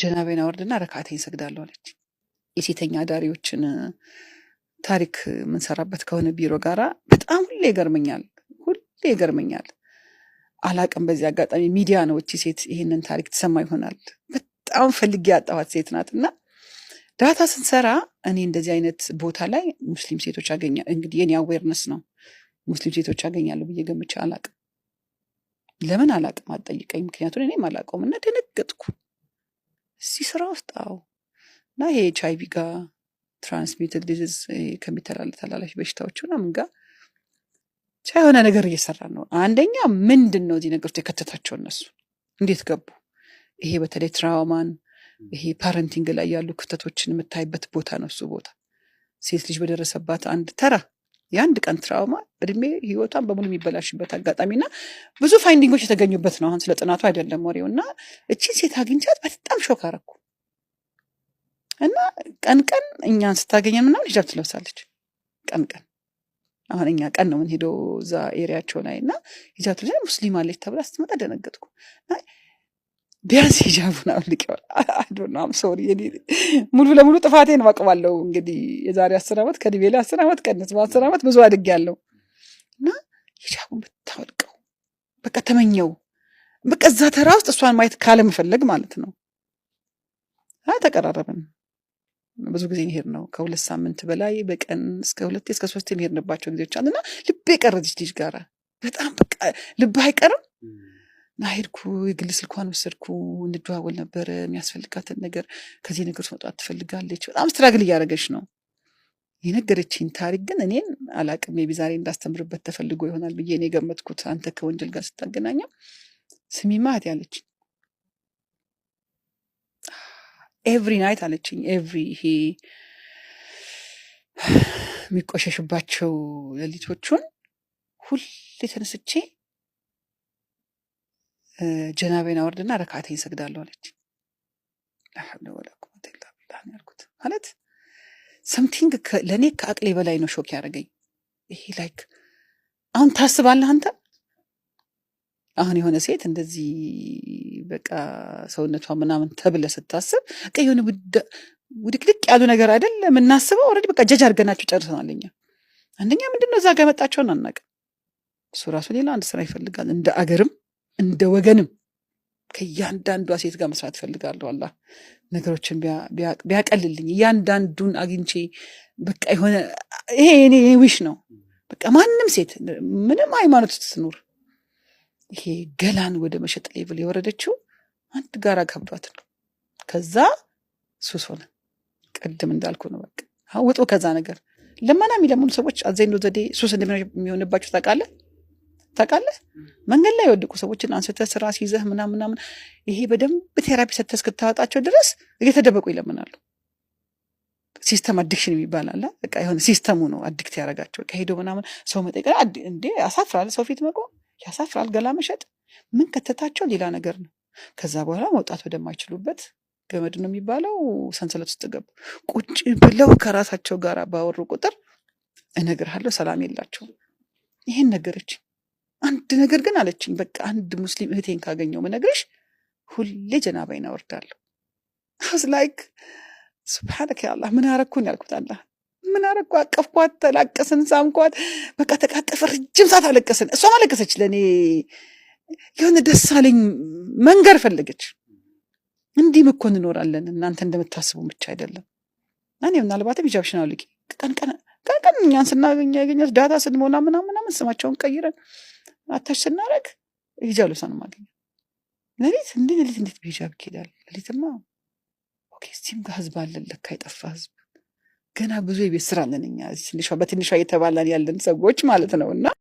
ጀናቤን አወርድና ረካቴን ሰግዳለሁ አለች። የሴተኛ አዳሪዎችን ታሪክ የምንሰራበት ከሆነ ቢሮ ጋራ በጣም ሁሌ ይገርመኛል፣ ሁሌ ይገርመኛል። አላቅም። በዚህ አጋጣሚ ሚዲያ ነው እቺ ሴት ይህንን ታሪክ ትሰማ ይሆናል። በጣም ፈልጌ ያጣኋት ሴት ናት እና ዳታ ስንሰራ እኔ እንደዚህ አይነት ቦታ ላይ ሙስሊም ሴቶች አገኛ እንግዲህ የኔ አዌርነስ ነው። ሙስሊም ሴቶች አገኛለሁ ብዬ ገምቼ አላቅም። ለምን አላቅም አጠይቀኝ፣ ምክንያቱን እኔም አላቀውም እና ደነገጥኩ። እዚህ ስራ ውስጥ አዎ። እና ይሄ ኤች አይቪ ጋር ትራንስሚትድ ዲዚዝ ከሚተላለ ተላላፊ በሽታዎች ምናምን ጋር ብቻ የሆነ ነገር እየሰራ ነው። አንደኛ ምንድን ነው እዚህ ነገሮች የከተታቸው እነሱ እንዴት ገቡ? ይሄ በተለይ ትራውማን ይሄ ፓረንቲንግ ላይ ያሉ ክፍተቶችን የምታይበት ቦታ ነው። እሱ ቦታ ሴት ልጅ በደረሰባት አንድ ተራ የአንድ ቀን ትራውማ እድሜ ህይወቷን በሙሉ የሚበላሽበት አጋጣሚ እና ብዙ ፋይንዲንጎች የተገኙበት ነው። አሁን ስለ ጥናቱ አይደለም ወሬው እና እቺን ሴት አግኝቻት በጣም ሾክ አረኩ እና ቀን ቀን እኛን ስታገኘን ምናምን ሂጃብ ትለብሳለች። ቀን ቀን አሁን እኛ ቀን ነው ምን ሄደው እዛ ኤሪያቸው ላይ እና ሂጃብ ትለብሳለች። ሙስሊም አለች ተብላ ስትመጣ ደነገጥኩ። ቢያንስ ሂጃቡን አውልቀዋል። አዶናም ሶሪ ሙሉ ለሙሉ ጥፋቴን አውቀዋለሁ። እንግዲህ የዛሬ አስር ዓመት ከእድሜ ላይ አስር ዓመት ቀንስ በአስር ዓመት ብዙ አድጌያለሁ እና ሂጃቡን ብታወልቀው በቃ ተመኘው። በቃ እዛ ተራ ውስጥ እሷን ማየት ካለመፈለግ ማለት ነው። ተቀራረብን። ብዙ ጊዜ ሄድ ነው ከሁለት ሳምንት በላይ በቀን እስከ ሁለት እስከ ሶስት የሚሄድንባቸው ጊዜዎች አሉና ልቤ ቀረች ልጅ ጋራ በጣም በቃ ልብ አይቀርም እና ሄድኩ። የግል ስልኳን ወሰድኩ። እንደዋወል ነበረ የሚያስፈልጋትን ነገር ከዚህ ነገር መውጣት ትፈልጋለች። በጣም ስትራግል እያደረገች ነው። የነገረችኝ ታሪክ ግን እኔን አላቅም። ቢ ዛሬ እንዳስተምርበት ተፈልጎ ይሆናል ብዬ እኔ የገመትኩት አንተ ከወንጀል ጋር ስታገናኘው ስሚማ እህቴ ኤቭሪ ናይት አለችኝ። ኤቭሪ ይሄ የሚቆሸሽባቸው ሌሊቶቹን ሁሌ ተነስቼ ጀናቤን አወርድና ረካቴን ሰግዳለሁ አለች። ላሐብለ ወላ ቁወተ ኢላ ቢላህ ያልኩት ማለት ሰምቲንግ ለእኔ ከአቅሌ በላይ ነው ሾክ ያደረገኝ። ይሄ ላይክ አሁን ታስባለህ አንተ አሁን የሆነ ሴት እንደዚህ በቃ ሰውነቷ ምናምን ተብለ ስታስብ ቀ የሆነ ውድቅድቅ ያሉ ነገር አይደል የምናስበው። ኦልሬዲ በቃ ጀጅ አድርገናቸው ጨርሰናል። እኛ አንደኛ ምንድን ነው እዛ ጋር መጣቸውን አናውቅም። እሱ ራሱ ሌላ አንድ ስራ ይፈልጋል እንደ አገርም እንደ ወገንም ከእያንዳንዷ ሴት ጋር መስራት እፈልጋለሁ። አላህ ነገሮችን ቢያቀልልኝ እያንዳንዱን አግኝቼ በቃ የሆነ ይሄ ዊሽ ነው። በቃ ማንም ሴት ምንም ሃይማኖት ስትኖር ይሄ ገላን ወደ መሸጥ ሌብል የወረደችው አንድ ጋራ ከብዷት ነው። ከዛ ሱስ ሆነ። ቅድም እንዳልኩ ነው። በቃ አውጦ ከዛ ነገር። ለመና የሚለምኑ ሰዎች አዘኝ ዘዴ ሱስ እንደሚሆንባቸው ታውቃለህ። ታውቃለህ መንገድ ላይ የወደቁ ሰዎችን አንስተህ ስራ ሲይዘህ ምናምን ምናምን ይሄ በደንብ ቴራፒ ሰተህ እስክታወጣቸው ድረስ እየተደበቁ ይለምናሉ። ሲስተም አዲክሽን የሚባል አለ። በቃ የሆነ ሲስተሙ ነው አዲክት ያደርጋቸው። ከሄዶ ምናምን ሰው መጠየቅ እንዴ ያሳፍራል። ሰው ፊት መቆም ያሳፍራል። ገላ መሸጥ ምን ከተታቸው ሌላ ነገር ነው። ከዛ በኋላ መውጣት ወደማይችሉበት ገመድ ነው የሚባለው ሰንሰለት ውስጥ ገቡ። ቁጭ ብለው ከራሳቸው ጋር ባወሩ ቁጥር እነግርሃለሁ ሰላም የላቸውም። ይህን ነገረች። አንድ ነገር ግን አለችኝ። በቃ አንድ ሙስሊም እህቴን ካገኘው መነግርሽ ሁሌ ጀናባይን አወርዳለሁ። አስ ላይክ ስብሓነከ ያላ ምን አረኩን ያልኩት አላህ ምን አረኩ። አቀፍኳት፣ ተላቀስን፣ ሳምኳት፣ በቃ ተቃቀፍ። ረጅም ሰዓት አለቀስን። እሷም አለቀሰች። ለእኔ የሆነ ደስ አለኝ። መንገር ፈለገች። እንዲህም እኮ እንኖራለን እናንተ እንደምታስቡ ብቻ አይደለም። እኔ ምናልባትም ሂጃብሽን አውልቂ ቀን ቀን ቀን ቀን እኛን ስናገኝ ያገኛት ዳታ ስንሞላ ምናምናምን ስማቸውን ቀይረን አታች ስናደርግ ሂጃሉሳን ማገኘ ሌሊት እንዴ ሌሊት እንዴት በሂጃብ ይሄዳል? ሌሊትማ ኦኬ ስቲም ጋር ህዝብ አለን ለካ የጠፋ ህዝብ ገና ብዙ የቤት ስራ አለን እኛ በትንሿ እየተባላን ያለን ሰዎች ማለት ነው እና